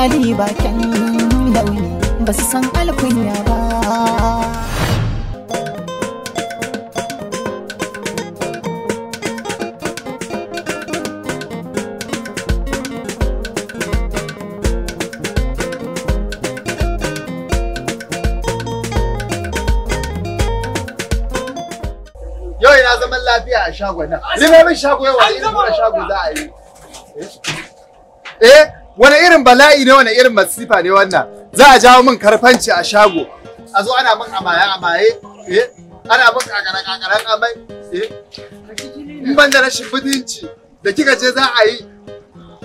hali bakin launi ba su san alkunya ba yau ina lafiya a Limamin shago yawa shago za a yi. Eh? eh? wani irin bala'i ne wani irin masifa ne wannan za a jawo min karfanci a shago a zo ana min amaye amaye eh ana min kakara kakaran amai eh in ban da rashin mutunci da kika je za a yi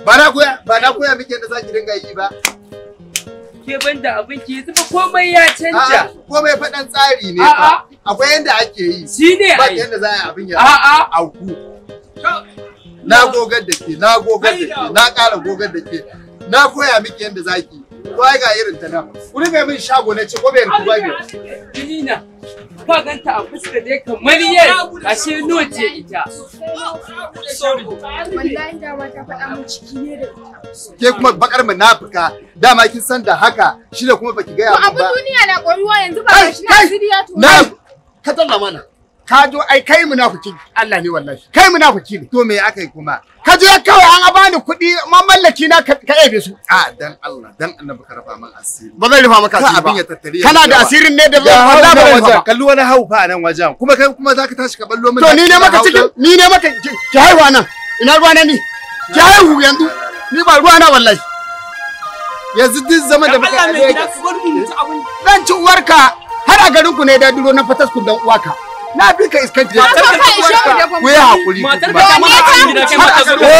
ba na koya ba na koya miki yadda za ki dinga yi ba ke ban da abin ki zuba komai ya canja komai faɗan tsari ne fa akwai yadda ake yi ne ba yadda za a yi abin ya a'a auku na gogar da ke na gogar da ke na ƙara gogar da ke na koya miki yadda zaki to ai ga irin ta na. ku rika min shago na ci gobe ku bage jinina ba ganta a fuska dai kamar yar ashe no ce ita sorry wallahi da wata faɗa mun ciki ne da ke kuma bakar munafika dama kin san da haka shi da kuma baki gaya mun ba abu duniya na koruwa yanzu ba shi na siriya to na ka talla mana ka jo ai kai munafiki Allah ne wallahi kai munafiki ne to me aka yi kuma ka je kawai an abani kuɗi mamallaki na ka ebe su a dan Allah dan annabi ka rafa man asiri ba zan rufa maka asiri ba abin ya kana da asirin ne da Allah ba wajen kallu wani hau fa nan wajen kuma kai kuma zaka tashi ka ballo mun to ni ne maka cikin ni ne maka ki haihu nan ina ruwa na ni ki haihu yanzu ni ba ruwa na wallahi yanzu duk zaman da baka ɗaya dan ci uwarka har a garin ku ne da duro na fatasku ku dan uwaka na bi ka iskan ta ku yi hakuri matar ka ma eh, kai mata zuru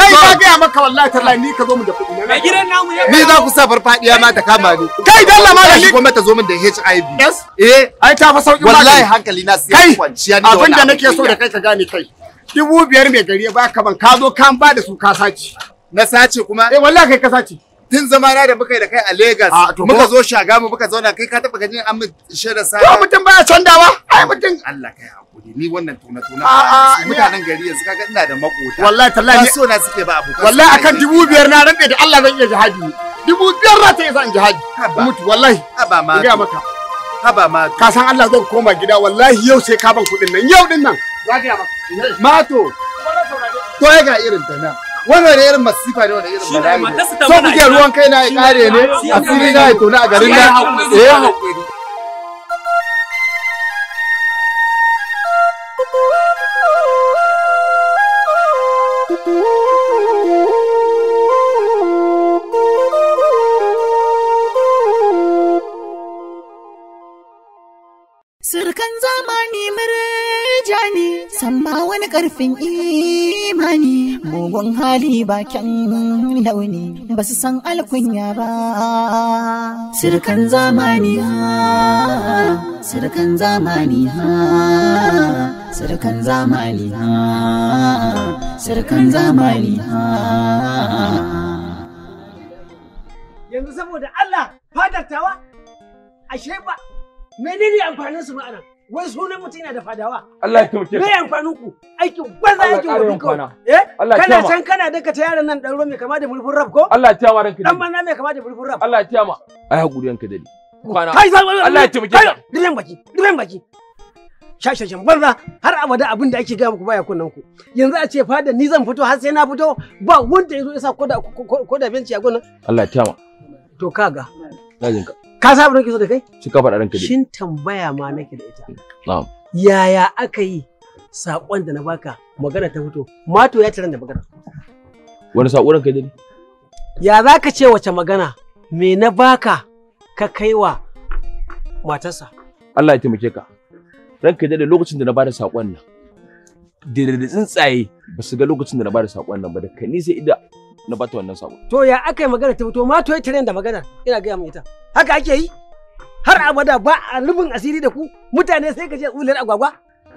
kai ka ga maka wallahi tallahi ni ka zo mu da kuɗi na gidan namu ya ni za ku sa farfadiya ma ta kama ni kai dalla malami kuma ta zo min da HIV eh ai ta fa sauki wallahi hankali na sai kwanciya ni da wannan abinda nake so da kai ka gane kai dubu biyar mai gari ya baka ban ka zo kan ba da su ka sace na sace kuma eh wallahi kai ka sace tun zamana da muka yi da kai a Legas muka zo shaga mu muka zauna kai ka taba gani an shirin sa Ko mutum baya candawa ai mutum Allah kai hakuri ni wannan tuna tuna mutanen gari yanzu kaga ina da makota wallahi tallahi so na suke ba abokan wallahi akan dubu biyar na rantsa da Allah zan iya jihadi dubu biyar na ta zan jihadi mutu wallahi haba ma ga maka haba ma ka san Allah zan koma gida wallahi yau sai ka ban kudin nan yau din nan mato to ya ga irin ta nan wannan ne irin masifa ne wannan irin bala'i ne so kuke ruwan kai na ya kare ne a fili na ya tona a garin na eh hakuri Surkan zamani mura ja ne wani karfin imani mugun hali bakin launi ba su san alkunya ba sirkan zamani ha sirkan zamani ha sirkan zamani ha sirkan zamani ha yanzu saboda Allah fadar tawa ashe ba menene amfanin su ma'ana wai sunan mutum yana da fadawa. Allah ya taimake ka. Me amfanin ku? Aikin banza aikin ku kawai. Eh? Kana can kana daka ta yaran nan dan ruwa mai kama da mulfin rap ko? Allah ya tiyama ranka. Dan banza mai kama da mulfin rap. Allah ya tiyama. Ai hakuri ranka dali. Kwana. Kai sai Allah ya taimake ka. Diren baki, diren baki. Shashashin banza har abada abin da ake gaya muku baya kunnan ku. Yanzu a ce fada ni zan fito har sai na fito ba wanda ya zo ya sa koda koda benci a gonan. Allah ya tiyama. To kaga. Dajinka. Ka sa nake so da kai? Shi ka faɗa ranka dai. Shin tambaya ma nake da ita. Na'am. Yaya aka yi saƙon da na baka magana ta fito? Mato ya taran da magana. Wani saƙo ranka dai? Ya za ka ce wace magana? Me na baka ka kaiwa matarsa? Allah ya taimake ka. Ranka dai lokacin da na bada saƙon nan. Da da tsuntsaye ba su ga lokacin da na bada saƙon nan ba da kanisa idan. sai ida na bata wannan sabo. to ya aka yi magana ta to ma to yi da magana ina gaya mu ita haka ake yi har abada ba a rubin asiri da ku mutane sai ka je tsular agwagwa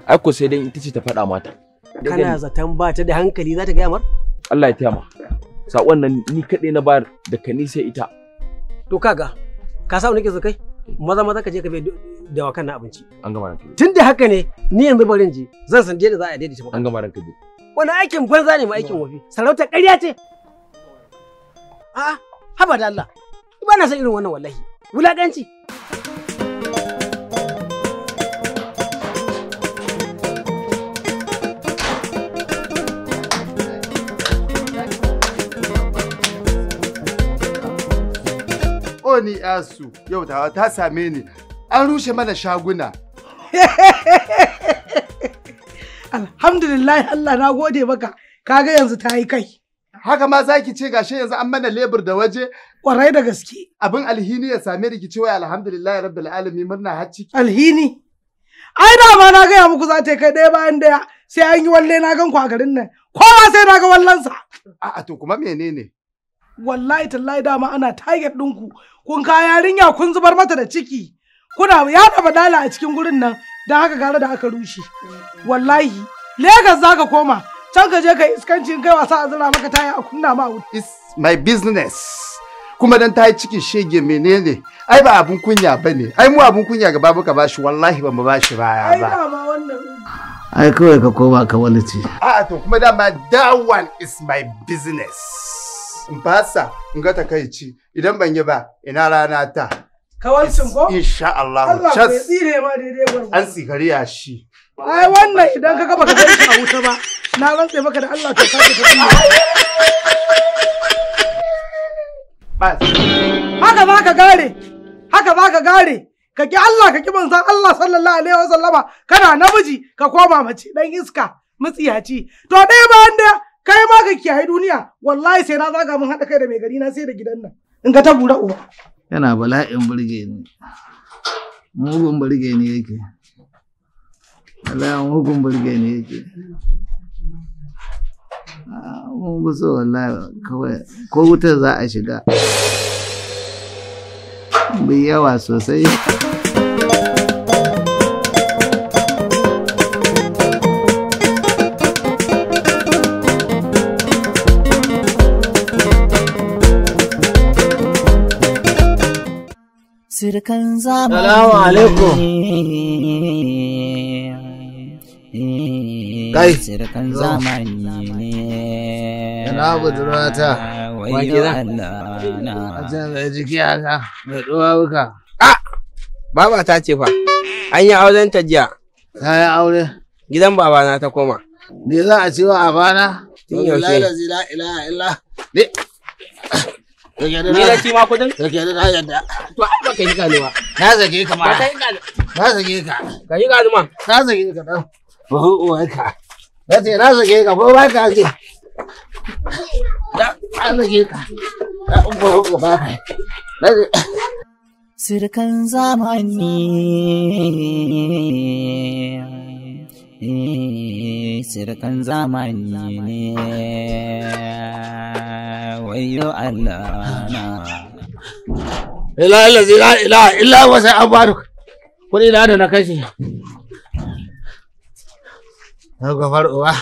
ai ko sai dai ita ce ta faɗa mata kana zaton ba ta da hankali za ta gaya mar Allah ya tiyama sakon nan ni kaɗai na bayar da ka sai ita to kaga ka sa nake kai maza maza ka je ka bai da wakan na abinci an gama ranka tun da haka ne ni yanzu barin ji zan san da za a daidaita an gama ranka wani aikin banza ne ma aikin wafi sarauta ƙarya ce A'a, haba da Allah. Ba na san irin wannan wallahi. Wulaƙanci. Oni yasu yau ta ta same ni an rushe mana shaguna alhamdulillah Allah na gode maka kaga yanzu ta yi kai haka ma zaki ce gashi yanzu an mana lebur da waje kwarai da gaske abin alhini ya same rikici wai alhamdulillah rabbil alamin murna har ciki alhini ai da ma na gaya muku za ta kai ɗaya bayan ɗaya sai an yi walle na gan a garin nan kowa sai na ga wallansa a'a to kuma menene wallahi tallahi ma ana din ku kun ka yarinya kun zubar mata da ciki kuna yaɗa badala a cikin gurin nan dan haka gara da aka rushe wallahi Legas zaka koma can ka je ka iskancin kai wasa a zira maka taya a kunna ma wuta. It's my business. kuma dan ta yi cikin shege menene ai ba abun kunya bane ne ai mu abun kunya gaba muka ka bashi wallahi ba mu ba shi baya ba ai kawai ka koma ka wani ci a to kuma dama that one is my business in fasa in ga takaici idan ban yi ba ina rana ta kawancin ko insha Allah Allah ya tsire ma daidai gwargwado an tsigariya shi ai wannan idan ka gaba ka kai a wuta ba na rantse maka da Allah ka sake ta bas haka za ka gare haka za ka gare ka ki Allah ka ki manzon Allah sallallahu alaihi wasallama kana namiji ka koma mace dan iska mutsiyaci to ɗaya bayan da kai ma ka kiyaye duniya wallahi sai na zaga mun haɗa kai da mai gari na sai da gidan nan in ka ta bura uwa yana bala'in burge ni mugun burge ni yake Allah hukun burge ne yake ah, mun fi so wallahi kawai ko wutar za a shiga bi yawa sosai Sirkan zamani. Salamu alaikum. kai sirkan zamani ne yana budurata wani Allah a can da jiki haka da duwawuka a ah! baba ta ce fa an yi auren ta jiya ta yi aure gidan babana ta koma ni za a ci wa abana tun yaushe la ilaha illa ne Ni na ci ma kudin? Sake da yadda. To ai ba ka yi gani ba. Na zage ka ma. ka yi gani. Na zage ka. Ka yi gani ma. Na zage ka dan. Ba hu'uwa ka. Ya ce na sake ka ko ba ka ake. Na sake ka. Na ko ba ka. Na ce. Sirkan zamani. Sirkan zamani ne. Wayo Allah na. Ila illa, ila ila wasa abaruk. Kuɗi na da na kashe. na gamar uba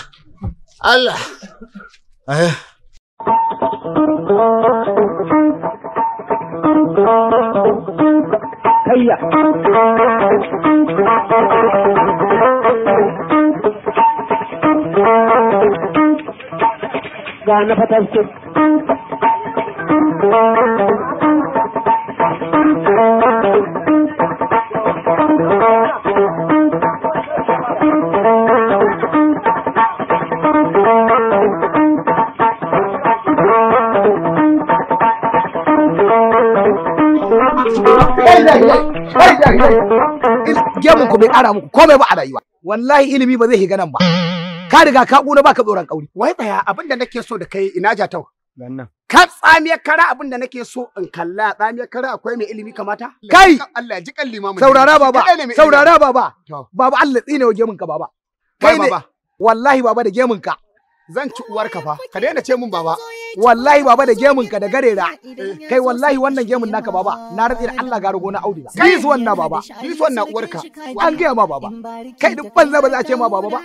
Allah eh. ga na gemun ku bai ƙara muku komai ba a rayuwa wallahi ilimi ba zai higa nan ba ka riga ka ƙuna baka tsoron ƙauri wai tsaya abin da nake so da kai ina jatau ka tsamiya kara abin da nake so in kalla tsamiya kara akwai mai ilimi kamata kai Allah ji kan limamu saurara baba saurara baba baba Allah tsine wa gemun ka baba kai ne wallahi baba da gemun ka zan ci uwarka fa ka daina ce mun baba wallahi baba da gemun ka da garera kai wallahi wannan gemun naka baba na rabi da Allah na gona auduga kai su wannan baba ni su wannan uwarka an gaya ma baba kai duk za ba za a ce ma baba ba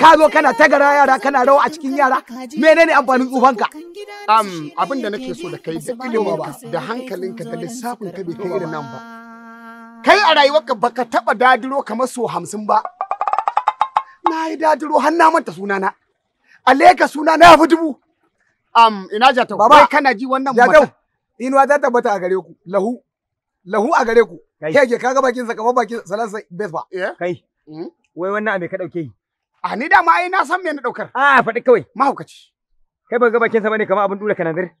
ka zo kana tagara yara kana rawa a cikin yara menene amfanin tsufanka um abin da nake so da kai da baba da hankalinka da lissafin ka bai kai irin nan ba kai a rayuwarka baka taba dadiro kamar so hamsin ba na yi dadiro har na manta sunana aleka suna na fi dubu Um, ina jatau baba kana ji wannan jatau inuwa ta tabbata a gare ku lahu lahu a gare ku kege kaga bakin sa kamar bakin salansa ba. Eh? kai hmm? wai wannan me ka dauke a ni da ma ai na san me na daukar a faɗi kawai mahaukaci kai ba ga bakin sa bane kamar abin dura kanandir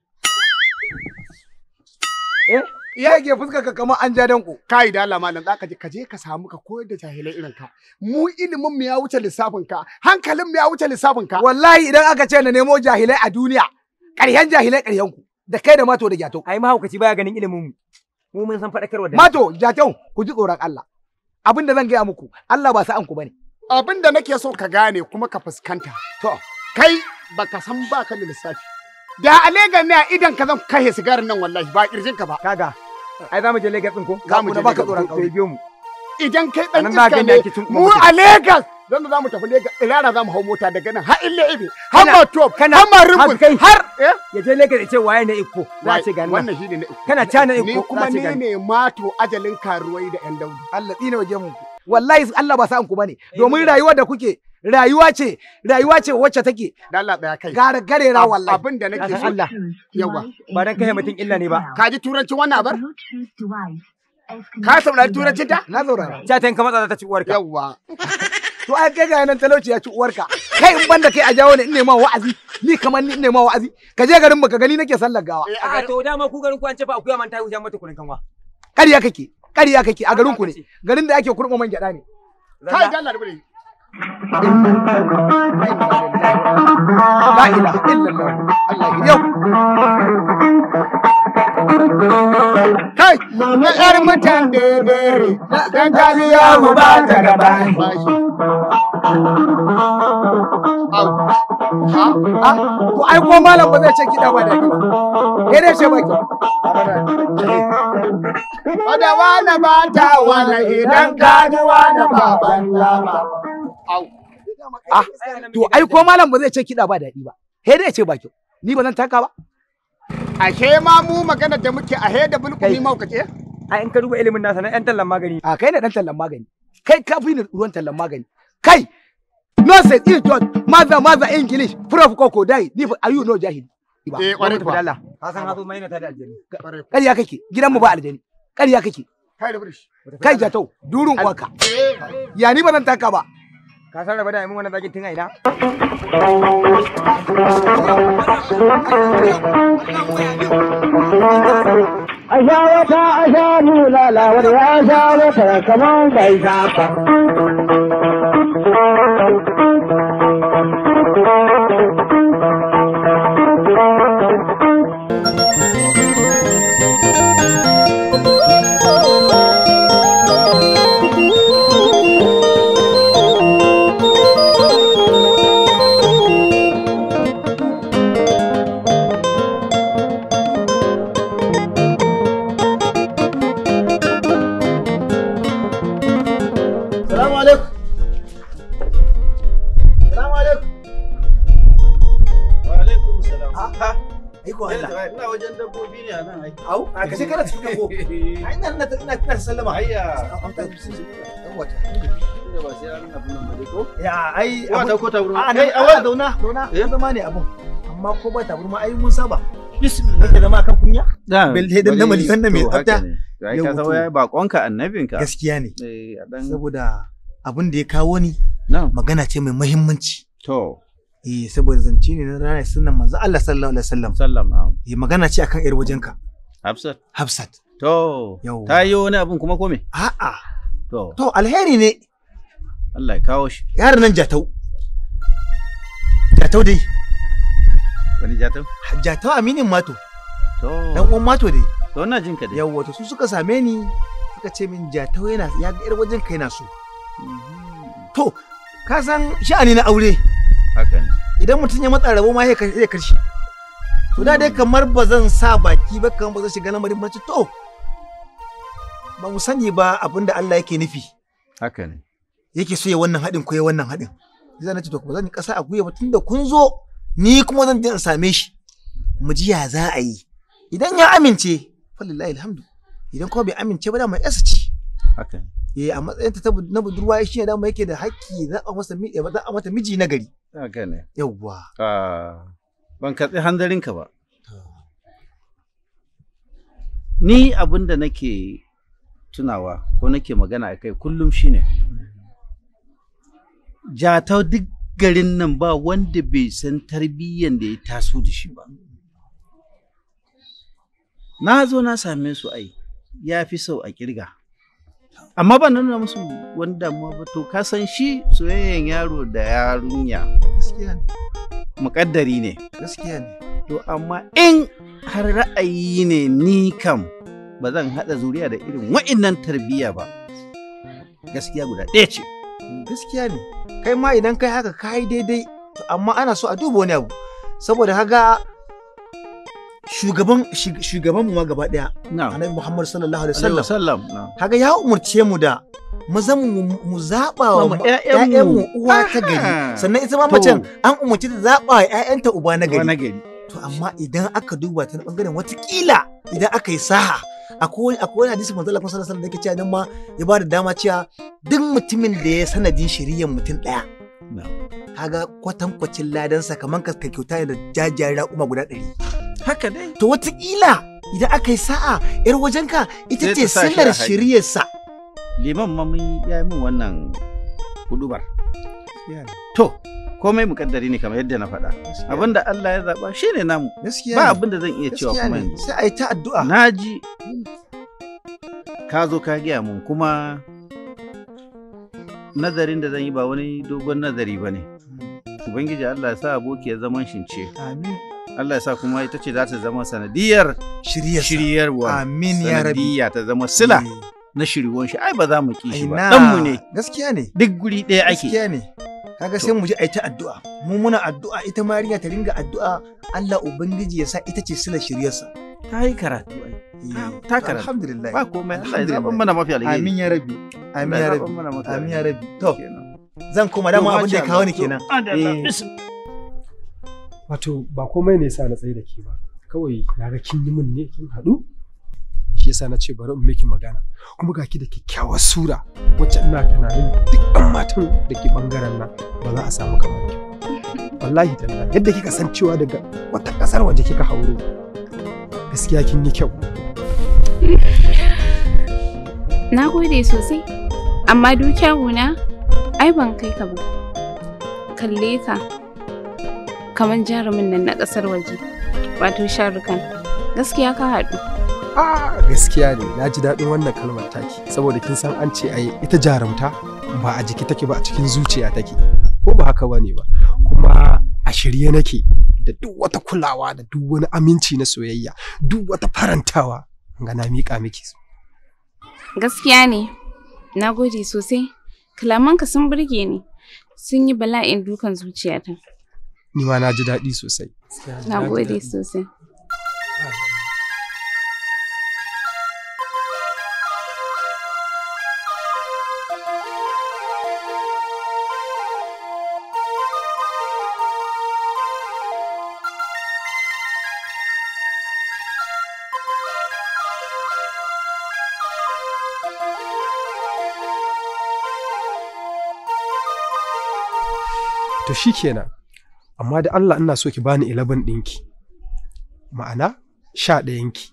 eh ya yake fuska ka kamar an ja danko kai da Allah malam zaka je ka je ka samu ka koyar da jahilai irin ka mu ilimin mu ya wuce lissafin ka hankalin mu ya wuce lissafin ka wallahi idan aka ce na nemo jahilai a duniya ƙaryan jahilai ƙaryan ku da kai da mato da jatau ai mahaukaci baya ganin ilimin mu mu mun san faɗakarwa da mato jatau ku ji tsoron Allah abin da zan gaya muku Allah ba sa an ku bane abin da nake so ka gane kuma ka fuskanta to kai baka san baka da lissafi da alega ne a idan ka zan kashe sigarin nan wallahi ba kirjin ka ba kaga ai za mu je Lagos din ko za mu je baka tsoron kauye biyo mu idan kai dan iska ne mu a Lagos don za mu tafi Lagos ilara za mu hau mota daga nan har ille ibe har Batuwa har Marubu har eh? ya je Lagos ya ce waye na iko na ce ga nan wannan shine na iko kana ta na iko ni kuma ne ne to ajalin karuwai da yan daudi Allah tsine waje mu wallahi Allah ba sa an ku bane domin rayuwar da kuke rayuwa ce rayuwa ce wacce take da Allah daya kai gare ra wallahi abin da nake so Allah yawa ba dan kai mutun illa ne ba ka ji turancin wannan abar Ka saurari turancin ta? Na saurara. Ta ta kamar ta ci uwarka. Yawwa. To ai kai ga nan talauci ya ci uwarka. Kai in banda kai a jawo ne in nema wa'azi. Ni kamar ni nema wa'azi. Ka je garin baka gani nake sallar gawa. Eh, a to dama ku garin ku an ce fa akuya man ta wuce mata kunin kanwa. Kariya kake. Kariya kake a garin ku ne. Garin da ake kurɓa man gyada ne. Kai ga Allah rubure. La ilaha illallah. Allah yau. Mama ƴar mutan debere, mu ba ta da bashi. ai ko malam ba zai ce kiɗa ba da ke dai ce baki. Wada wani ba ta idan ka ni wani Ah, to ai ko malam ba zai ce kiɗa ba daɗi ba. k'e ce baki. Ni ba zan taka ba. ashe ma mu magana da muke a da bulkumi ma kace a in ka duba ilimin nasa na ɗan tallan magani a kai ne ɗan tallan magani kai ka fi ni ruwan tallan magani kai nonsense is to maza maza english prof koko dai ni fa ayu no jahili eh ka san mai na ta da aljani kake ba aljani kake kai da kai durun kwaka ya ni ba taka ba ka san raba da aina A sha wata a nuna lawar ya sha wata kamar bai sha Salamu alaikum. Wa alaikum salam. Ha? Iko Allah. Ina wajen dabbobi ne a nan Au, a kashe kana cikin ina sallama. ai wa ta ne abun. Amma ko ba ta ai mun saba. bismillah kan kunya mai tsafta bakonka annabinka gaskiya ne saboda abin da ya kawo ni magana ce mai muhimmanci to eh saboda zance ne na ranar sunan manzo Allah sallallahu alaihi wasallam sallam eh magana ce akan yar wajenka Hafsat Hafsat to ta yi wani abin kuma ko me a'a to to alheri ne Allah ya kawo shi Yar nan jatau jatau dai wani jatau jatau aminin mato to dan uwan mato dai to ina jinka dai yawa to su suka same ni suka ce min jatau yana ya ga yar wajenka yana so To, ka san sha'ani na aure. Haka ne. Idan mutum ya matsa rabo ma ya karshe. To da dai kamar ba zan sa baki ba kamar ba zan shiga lamarin ba to. Ba mu sani ba abin da Allah yake nufi. Haka ne. Yake so ya wannan haɗin ko ya wannan haɗin. Zan ce to ba zan ƙasa a guye ba tunda kun zo ni kuma zan je in same shi. Mu ji ya za a yi. Idan ya amince, falillahi alhamdu. Idan kuma bai amince ba da mai yasa ci. haka eh a matsayin ta na budurwa shi ne dama yake da haƙƙi za a masa miji za a mata miji na gari haka yawwa ah, ban katsi hanzarin ka ba ni abin da nake tunawa ko nake magana a kai kullum shi ne. jata duk garin nan ba wanda bai san tarbiyyan da ya taso da shi ba. Na zo na same su ai, ya fi sau a ƙirga. amma ba nuna musu wanda damuwa ba to ka san shi soyayyen yaro da yarunya gaskiya ne muƙaddari ne gaskiya ne to amma in har ra'ayi ne ni kam ba zan haɗa zuriya da irin wa'innan tarbiyya ba gaskiya guda ɗaya ce gaskiya ne kai ma idan kai haka ka yi daidai amma ana so a duba wani abu saboda haga shugaban shugaban mu ma gaba daya annabi Muhammad sallallahu alaihi wasallam kaga ya umurce mu da maza mu zaba wa ƴaƴan mu uwa ta gari sannan ita ma macen an umurce ta zaba wa ta uba na gari to amma idan aka duba ta na bangaren watakila idan aka yi saha akwai akwai hadisi manzo Allah sallallahu alaihi wasallam da yake cewa nan ma ya ba da dama cewa duk mutumin da ya sanadin shari'ar mutum daya kaga kwatankwacin ladansa kamar ka kyauta da jajayen raƙuma guda ɗari haka dai to wataƙila idan aka yi sa'a yar wajenka ita ce sallar shiryarsa liman ma mun ya yi min wannan hudubar to komai mukaddari ne kamar yadda na faɗa abinda Allah ya zaɓa shine namu ba abinda zan iya cewa kuma yanzu sai a yi ta addu'a naji ka zo ka gaya mun kuma nazarin da zan yi ba wani dogon nazari ba ne hmm. ubangiji Allah ya sa ya zaman shince amin Allah ya sa kuma ita ce za ta zama sanadiyar shiryarwa amin ya rabi sanadiyya ta zama sila eh. na shiriwon shi ai ba za mu ki shi ba dan mu ne gaskiya ne duk guri ɗaya ake gaskiya ne kaga sai mu je ai ta addu'a mu muna addu'a ita mariya ta ringa addu'a Allah ubangiji ya sa ita ce sila shiryarsa ta yi karatu ai eh. ta karatu alhamdulillah ba komai Allah ya mana mafi alheri amin ya rabi amin ya rabi amin ya rabi to zan koma dama abin da ya kawo ni kenan eh wato ba komai ne sa na tsaye da ke ba kawai na ga kin yi min ne kin haɗu shi yasa na ce bari in miki magana kuma ga da kyakkyawar sura wacce ina tunanin ɗan matan da ke bangaren nan ba za a samu kamar ki wallahi tallahi yadda kika san cewa daga wata kasar waje kika hauro gaskiya kin yi kyau na gode sosai amma dukiya na ai ban kai ka ba kalle ka kamar jarumin nan na kasar waje wato sharukan gaskiya ka haɗu a gaskiya ne na ji daɗin wannan kalmar taki saboda kin san an ce ai ita jarumta ba a jiki take ba a cikin zuciya take ko ba haka bane ba kuma a shirye nake da duk wata kulawa da duk wani aminci na soyayya duk wata farantawa ga na miƙa miki gaskiya ne na gode sosai kalamanka sun burge ni sun yi bala'in dukan zuciyata ni ma na ji daɗi sosai. Na gode sosai. To shi kenan. amma da Allah ina so ki bani 11 ɗinki ma'ana sha ki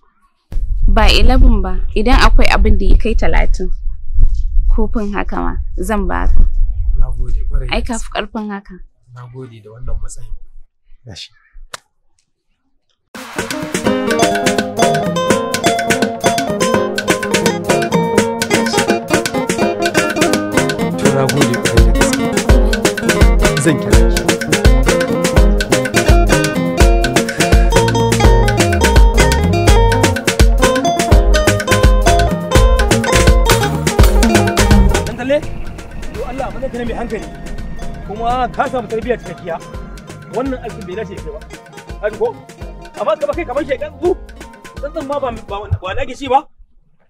ba 11 ba idan akwai abin da ya kai talatin kofin haka ma zan ba ka ai ka fi ƙarfin haka na gode da wannan matsayin gashi Thank you. zan kira amma ka samu tarbiyyar cikakkiya wannan aikin bai kai ba ko ka kai kamar ma ba ba ba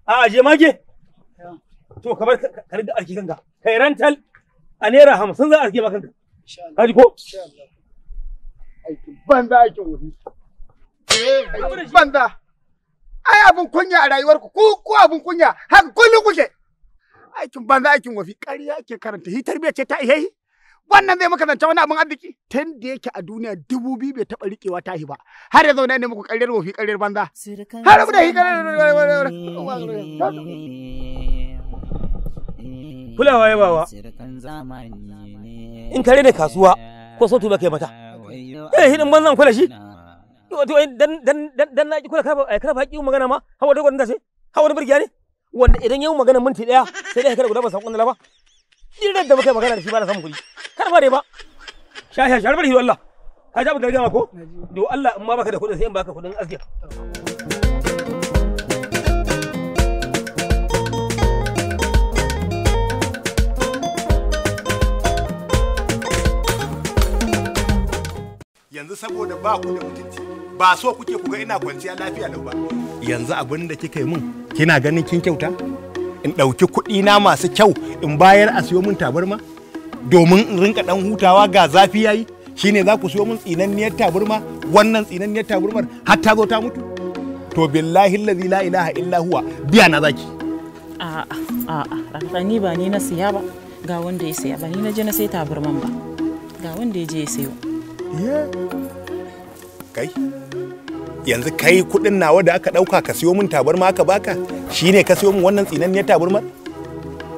a aje mage to arki kanka kai rental a naira hamsin arki kanka ko aikin banza aikin wuri ai kunya a rayuwarku ku ku kunya haka kuke aikin banza aikin wafi ƙarya ke karanta hi tarbiyya ce ta ihehi wannan zai maka zance wani abin arziki tun da yake a duniya dubu biyu bai taɓa riƙewa tahi ba har ya zauna ne muku karyar wofi karyar banza har da kulawa ya bawa in kare ne kasuwa ko so tuba kai mata eh hidin banzan kula shi dan dan dan na ki kula ka eh, ka ba yi magana ma hawa dogon da sai hawa da burgiya ne wanda idan yau magana minti daya sai dai ka guda ba sakon da ba hirar da muka magana da shi ba na samun kuɗi karfa ne ba sha sha sharbar hiyo Allah ka ji abin da ko do Allah in ma baka da kuɗin sai in baka kuɗin azgiya yanzu saboda ba ku da mutunci ba so kuke ku ga ina kwanciya lafiya lau ba yanzu abin da kika yi min kina ganin kin kyauta in ɗauki kuɗi na masu kyau in bayar a siyo min tabarma domin in rinka ɗan hutawa ga zafi yayi shine za ku siyo min tsinanniyar tabarma wannan tsinanniyar tabarmar har ta zo ta mutu to billahi allazi la ilaha illa huwa biya na zaki a'a a'a rakata ni ba ni na siya ba ga wanda ya siya ba ni na je na sai tabarman ba ga wanda ya je ya sayo kai yanzu kai kuɗin nawa da aka ɗauka ka siyo min tabarma aka baka shine ka siyo min wannan tsinanniyar tabarmar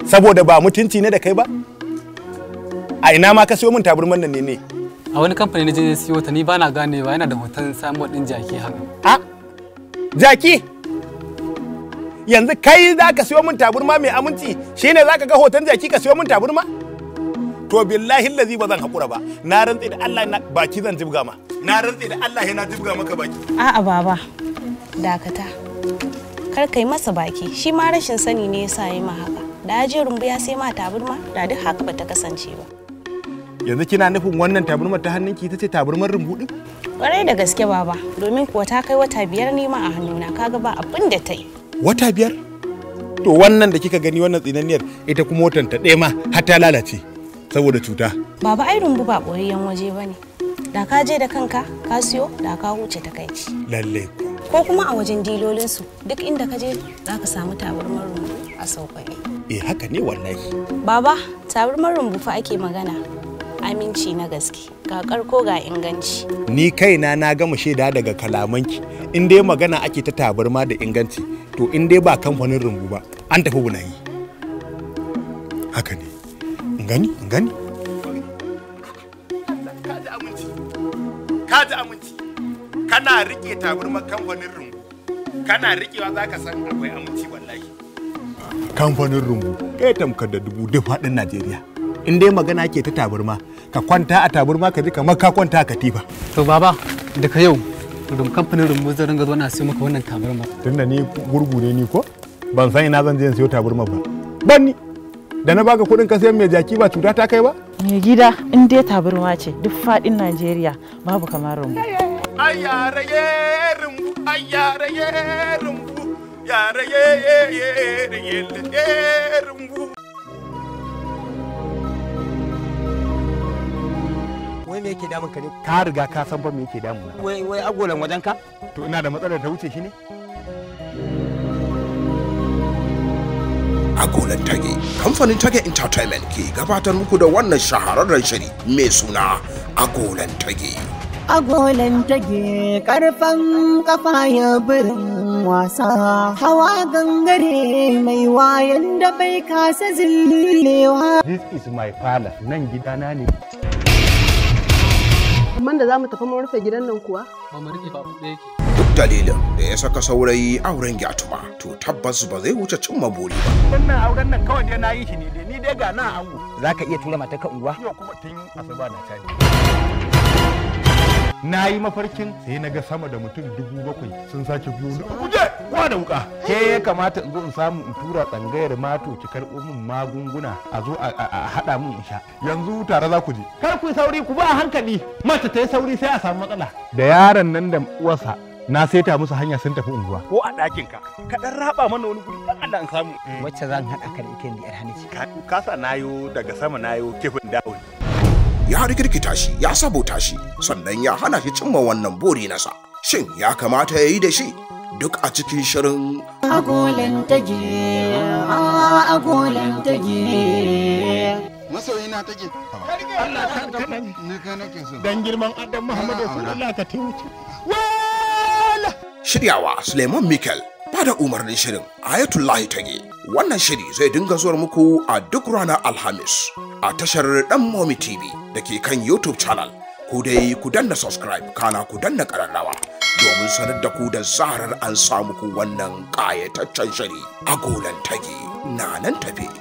saboda ba mutunci ne da kai ba a ina ma ka siyo min tabarmar nan ne ne a wani kamfani ne je siyo ta ni ba na ganewa yana da hoton samuwar din jaki haka a jaki yanzu kai za ka siyo min taburma mai aminci shine za ka ga hoton jaki ka siyo min taburma to billahi allazi ba zan hakura ba na rantsi da Allah na baki zan jibga ma na rantsi da Allah yana jibga maka baki a'a baba dakata kar kai masa baki shi ma rashin sani ne yasa yi ma haka da je rumbu ya sai ma taburma da duk haka bata kasance ba yanzu kina nufin wannan taburmar ta ki ita ce taburmar rumbu din kwarai da gaske baba domin kuwa ta kai wata biyar nema a hannuna kaga ba abin da ta yi wata biyar to wannan da kika gani wannan tsinanniyar ita kuma watan ta ɗaya ma har ta lalace saboda cuta baba ai rumbu ba ɓoyayyen waje ba ne da ka je da kanka ka siyo da ka huce takaici lalle ko kuma a wajen dilolinsu duk inda ka je za ka samu tabarmar rumbu a sauƙaƙe eh haka ne wallahi baba tabarmar rumbu fa ake magana aminci na gaske ga karko ga inganci ni kaina na gama shaida daga kalamanki in dai magana ake ta tabarma da inganci to in dai ba kamfanin rumbu ba an tafi wulayi. haka ne gani gani ka aminci aminci kana rike tabarmar kamfanin rumbu kana rikewa za ka san akwai aminci wallahi kamfanin rumbu ɗaya tamkar da dubu duk faɗin najeriya in dai magana ke ta tabarma ka kwanta a tabarma ka ji kamar ka kwanta a katifa to baba daga yau rum kamfanin rumbu zan ringa zuwa na siyo maka wannan tabarma tunda ni gurgu ne ni ko ban san ina zan je in siyo tabarma ba ban ni da na baka kuɗin ka sayan mai jaki ba cuta ta kai ba mai gida in dai tabarma ce duk faɗin najeriya babu kamar rumbu ayya rumbu ayya rumbu ya rage rumbu wai me yake damun ka ne ka riga ka san ba me yake damun wai wai agolan wajen ka to ina da matsalar ta wuce shi ne a gonar tage kamfanin tage entertainment ke gabatar muku da wannan shahararren shiri mai suna a gonar tage a gonar tage karfan kafa ya birin wasa hawa gangare mai wayan da bai kasa zillewa this is my father nan gidana ne man da za mu tafi mun rufe gidan nan kuwa ba mu rufe ba ɗaya ke dalilin da ya saka saurayi auren gyatuma to tabbas ba zai wuce cimma buri ba. Wannan auren nan kawai dai na yi shi ne dai ni dai ga na ango. Za ka iya tura mata ka unguwa? Yau kuma tun asuba na cani. Na yi mafarkin sai na ga sama da mutum dubu bakwai sun sake biyo ni. Kuje kwa da wuka. Ke ya kamata in zo in samu in tura tsangayar mato ki karɓo min magunguna a zo a haɗa min in Yanzu tare za ku je. Kar ku sauri ku ba a hankali. Mace ta yi sauri sai a samu matsala. Da yaron nan da uwarsa na saita musu hanya sun tafi unguwa ko a ɗakin ka ka dan raba mana wani guri dan Allah in samu wacce zan haɗa ka da ita ne yar hanici ka sa nayo daga sama nayo kifin dawo ya rikirkita shi ya sabota shi sannan ya hana shi cimma wannan buri nasa shin ya kamata ya yi da shi duk a cikin shirin agolan tage agolan tage masoyina take Allah ka nake so dan girman Adam Muhammadu sallallahu alaihi wasallam ka Shiryawa Suleiman Mikel ba da umarnin shirin Ayatullahi Tage. Wannan shiri zai dinga zuwar muku a duk ranar Alhamis a tashar Dan Momi TV da ke kan YouTube channel. Ku dai ku danna subscribe kana ku danna kararrawa domin sanar da ku da zarar an samu ku wannan kayataccen shiri a golan Tage na nan tafe.